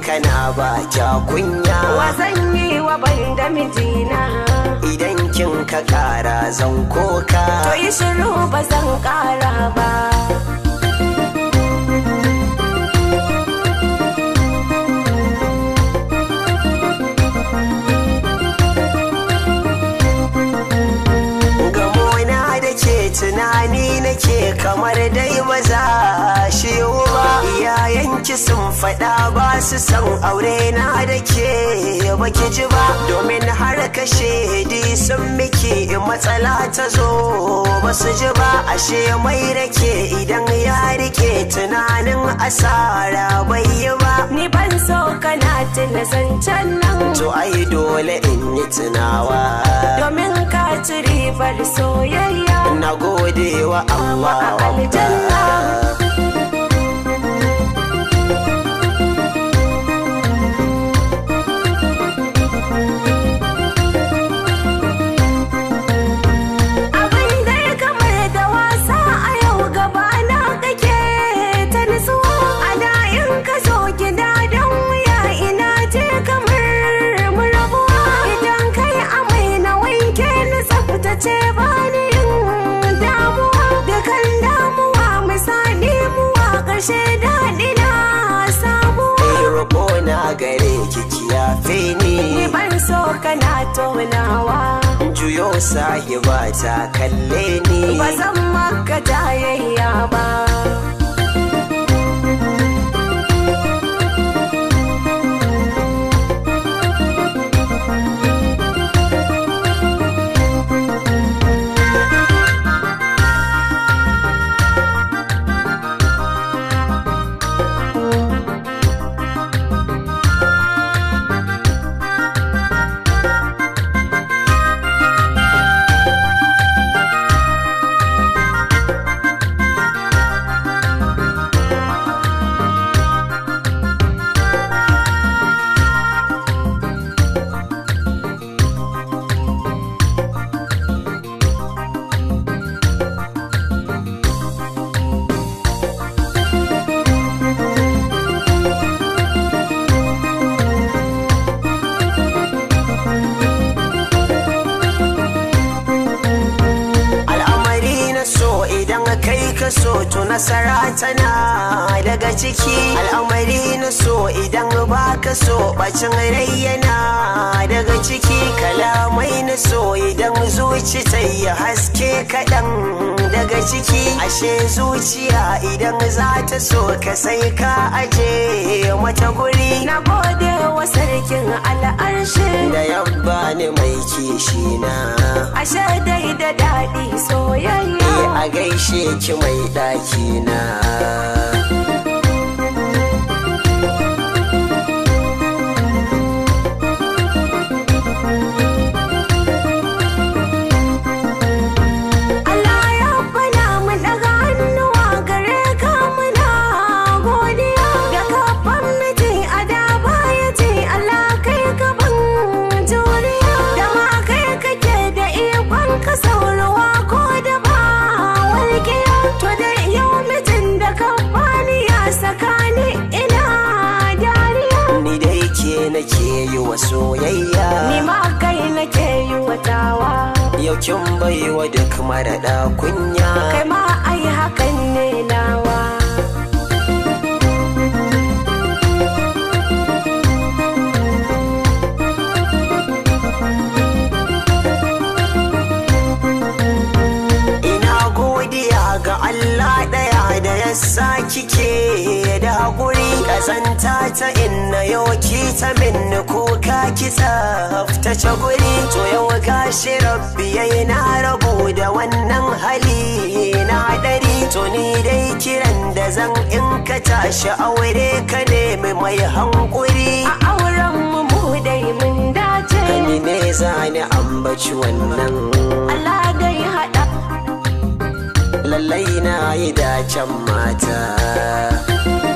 kana ba kya kunya wasan yi wa ban da mijina idan kin ka kara zan koka to yi shiru ba zan kara ba tunani nake kamar dai maza ki sun faɗa ba su san aure na da ke ba ki ji ba domin har kashe di sun miki matsala ta zo ba su ji ba ashe mai rake idan ya rike tunanin asara bai yi ba ni ban so kana tuna zancen nan to ai dole in yi tunawa domin ka tiri bar soyayya na gode wa Allah aljanna so kana tonawa juyo sahiba ta kalle ni ba zan maka tayayya ba ka so to nasara tana daga ciki al'amari na so idan ba ka so bacin rai daga ciki kalamai na so idan zuci ya haske kaɗan daga ciki ashe zuciya idan za ta so ka sai ka aje mata guri na cikin al'arshi da yabba ne mai kishi na ashe dai da daɗi soyayya eh, a gaishe ki mai ɗaki na ke nake yi wa soyayya ni ma kai nake yi wa tawa yau kin baiwa duk da kunya kai ma ai hakan ne nawa ina godiya ga Allah ɗaya sa kike da hakuri ƙazanta ta inna yau ki ta min ko ka ki ce guri to yau gashi rabbi yayi na rabu da wannan hali na ɗari to ni dai kiran da zan in ka tashi aure ka nemi mai hankuri a auren mu mu dai mun dace ni ne zani ambaci wannan Allah lallai na yi dacen mata